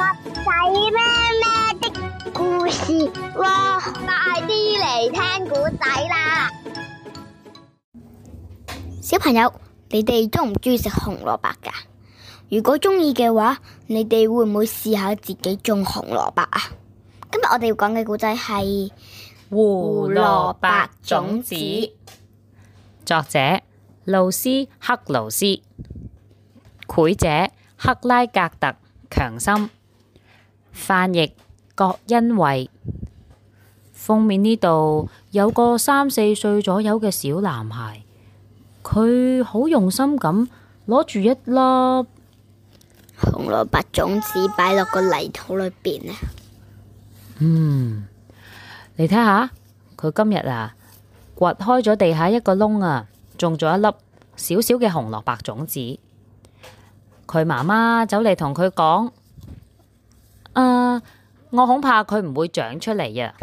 仔咩咩的故事，哇！快啲嚟聽古仔啦，小朋友，你哋中唔中意食紅蘿卜噶？如果中意嘅話，你哋會唔會試下自己種紅蘿卜啊？今日我哋要講嘅古仔係胡蘿卜種,種子，作者露斯克勞斯，繪者克拉格特強森。強翻譯郭恩惠，封面呢度有個三四歲左右嘅小男孩，佢好用心咁攞住一粒紅蘿蔔種子，擺落個泥土裏邊啊。嗯，你睇下，佢今日啊掘開咗地下一個窿啊，種咗一粒小小嘅紅蘿蔔種子。佢媽媽走嚟同佢講。誒、uh，我恐怕佢唔會長出嚟呀。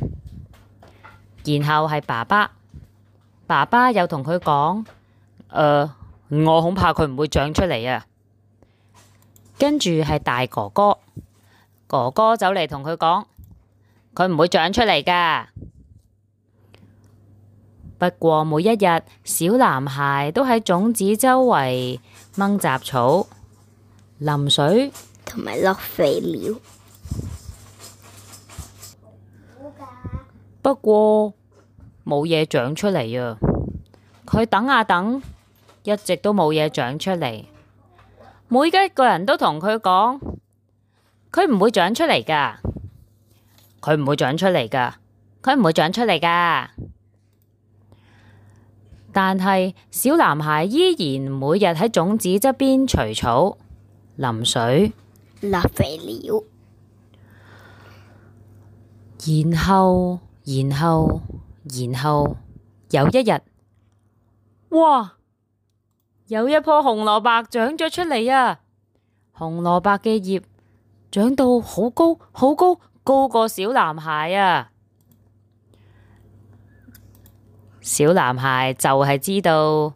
然後係爸爸，爸爸又同佢講：呃、uh, 我恐怕佢唔會長出嚟呀。跟住係大哥哥，哥哥走嚟同佢講：佢唔會長出嚟噶。不過每一日，小男孩都喺種子周圍掹雜草、淋水同埋落肥料。不過冇嘢長出嚟啊！佢等啊等，一直都冇嘢長出嚟。每一個人都同佢講，佢唔會長出嚟噶，佢唔會長出嚟噶，佢唔會長出嚟噶。但係小男孩依然每日喺種子側邊除草、淋水、落肥料，然後。然後，然後有一日，哇，有一棵紅蘿蔔長咗出嚟啊！紅蘿蔔嘅葉長到好高，好高，高過小男孩啊！小男孩就係知道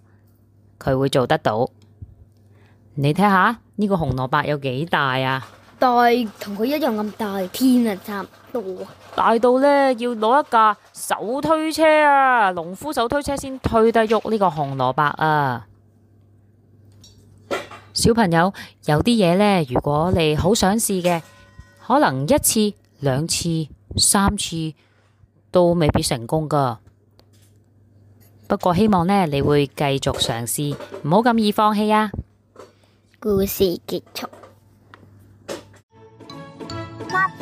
佢會做得到。你睇下呢個紅蘿蔔有幾大啊？大同佢一樣咁大，天啊，差唔多啊！大到呢要攞一架手推車啊，農夫手推車先推得喐呢個紅蘿蔔啊！小朋友有啲嘢呢，如果你好想試嘅，可能一次、兩次、三次都未必成功噶。不過希望呢你會繼續嘗試，唔好咁易放棄啊！故事結束。襪仔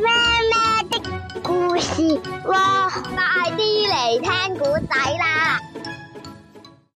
咩咩的故事哇！快啲嚟聽古仔啦！